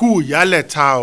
kú ìyálẹ̀ta o